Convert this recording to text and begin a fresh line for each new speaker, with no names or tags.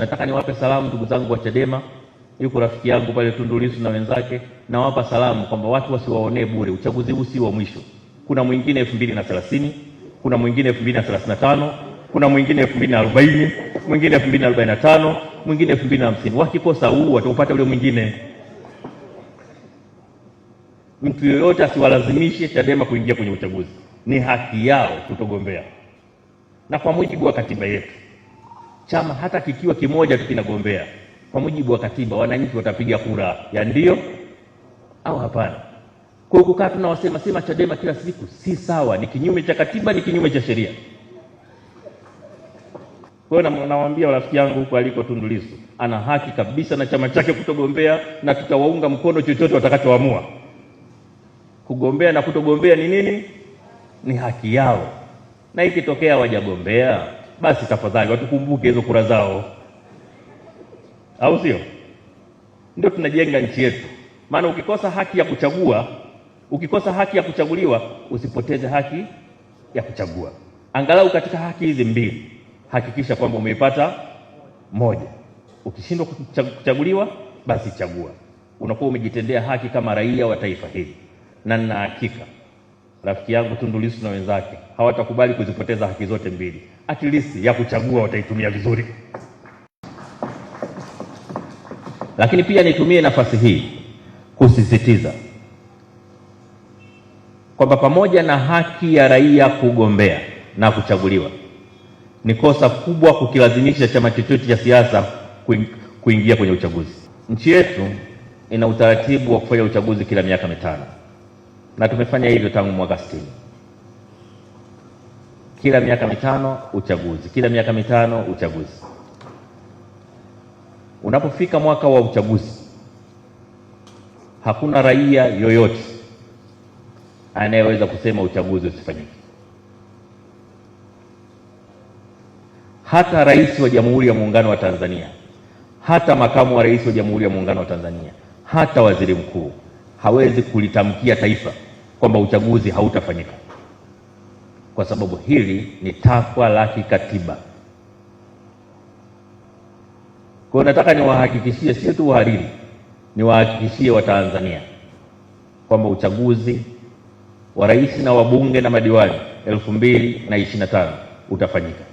Nataka niwape salamu ndugu zangu wa Chadema, yuko rafiki yangu pale Tundu Lissu na wenzake, nawapa salamu kwamba watu wasiwaonee bure. Uchaguzi huu si wa mwisho, kuna mwingine 2030, kuna mwingine 2035, kuna mwingine 2040, mwingine 2045, mwingine 2050. Wakikosa huu wataupata ule mwingine. Mtu yoyote asiwalazimishe Chadema kuingia kwenye uchaguzi, ni haki yao kutogombea na kwa mujibu wa katiba yetu chama hata kikiwa kimoja tu kinagombea, kwa mujibu wa katiba, wananchi watapiga kura ya ndio au hapana. Kwa kukaa tunawasema sema Chadema kila siku si sawa, ni kinyume cha katiba, ni kinyume cha sheria. Kwa hiyo nawaambia rafiki yangu huko aliko Tundu Lissu ana haki kabisa na chama chake kutogombea, na tutawaunga mkono chochote watakachoamua. Kugombea na kutogombea ni nini? Ni haki yao, na ikitokea wajagombea basi tafadhali watukumbuke hizo kura zao, au sio? Ndio tunajenga nchi yetu, maana ukikosa haki ya kuchagua, ukikosa haki ya kuchaguliwa, usipoteze haki ya kuchagua. Angalau katika haki hizi mbili hakikisha kwamba umeipata moja. Ukishindwa kuchaguliwa, basi chagua. Unakuwa umejitendea haki kama raia wa taifa hili, na nina hakika rafiki yangu Tundu Lissu na wenzake hawatakubali kuzipoteza haki zote mbili, at least ya kuchagua wataitumia vizuri. Lakini pia nitumie nafasi hii kusisitiza kwamba pamoja na haki ya raia kugombea na kuchaguliwa, ni kosa kubwa kukilazimisha chama chochote cha siasa kuingia kwenye uchaguzi. Nchi yetu ina utaratibu wa kufanya uchaguzi kila miaka mitano na tumefanya hivyo tangu mwaka 60 Kila miaka mitano uchaguzi, kila miaka mitano uchaguzi. Unapofika mwaka wa uchaguzi, hakuna raia yoyote anayeweza kusema uchaguzi usifanyike. Hata rais wa Jamhuri ya Muungano wa Tanzania, hata makamu wa rais wa Jamhuri ya Muungano wa Tanzania, hata waziri mkuu hawezi kulitamkia taifa kwamba uchaguzi hautafanyika, kwa sababu hili ni takwa la kikatiba. Kwa hiyo nataka niwahakikishie, sio tu wahariri, niwahakikishie Watanzania kwamba uchaguzi wa rais na wabunge na madiwani elfu mbili na ishirini na tano utafanyika.